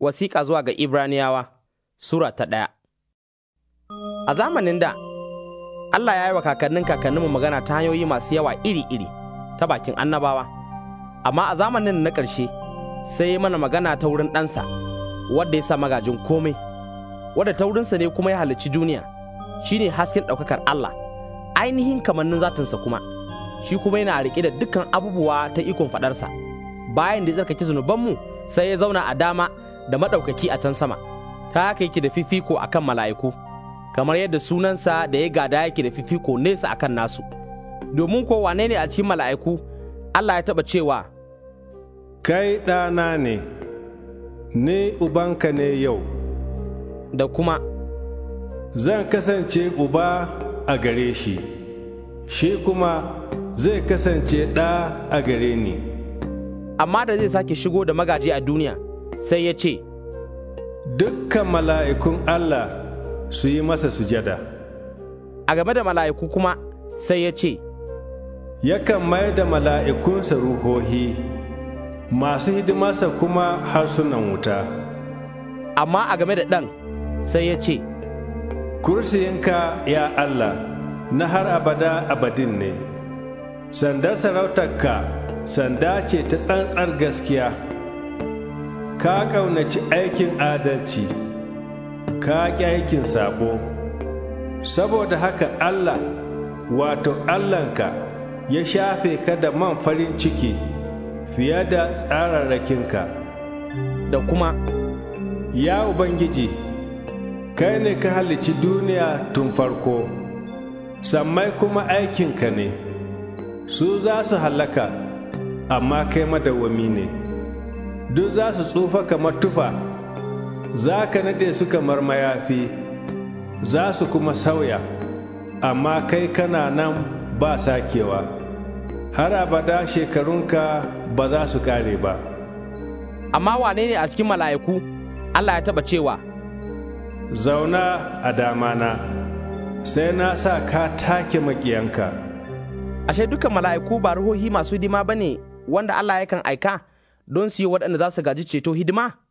Wasiƙa zuwa ga Ibraniyawa Sura ta ɗaya A zamanin da, Allah ya yi wa kakannin kakanninmu magana ta hanyoyi masu yawa iri-iri ta bakin annabawa, amma a zamanin na ƙarshe sai ya mana magana ta wurin ɗansa, wadda ya sa magajin komai, wadda ta wurinsa ne kuma ya halarci duniya, shi ne hasken ɗaukakar Allah, ainihin kamannin zatinsa kuma, shi kuma yana riƙe da dukkan abubuwa ta ikon faɗarsa, bayan da ya tsarkake zunubanmu sai ya zauna a dama da maɗaukaki a can sama, ta haka yake da fifiko a kan mala'iku, kamar yadda sunansa da ya gada yake da fifiko nesa a kan nasu. Domin ko wane ne a cikin mala'iku, Allah ya taɓa cewa, Kai ɗana ne, ni ubanka ne yau. Da kuma, Zan kasance uba a gare shi, shi kuma zai kasance ɗa a gare ni. Amma da zai sake shigo da magaji a duniya. sai ya ce, Dukkan mala'ikun Allah su yi masa sujada. A game da mala'iku kuma sai ya ce, Yakan mai da mala'ikunsa ruhohi, masu hidimarsa kuma harsunan wuta. Amma a game da ɗan sai ya ce, Kursiyinka ya Allah, na har abada abadin ne, sandar sarautarka sanda ce ta tsantsar gaskiya. ka ƙaunaci aikin adalci ka ƙi sabo saboda haka Allah wato Allahnka ya shafe ka da man farin ciki fiye da tsararrakinka da kuma ya Ubangiji kai ne ka halici duniya tun farko sammai kuma aikinka ne su za su halaka amma kai madawwami ne. duk za su tsufa kamar tufa za ka naɗe su kamar mayafi za su kuma sauya amma kai kana nan ba sakewa har abada shekarunka ba za su kare ba amma wane ne a cikin mala'iku allah ya taɓa cewa zauna a damana sai na sa ka take maƙiyanka ashe dukan mala'iku ba ruhohi masu dima ba ne wanda allah yakan aika don su yi waɗanda za su gaji ceto hidima?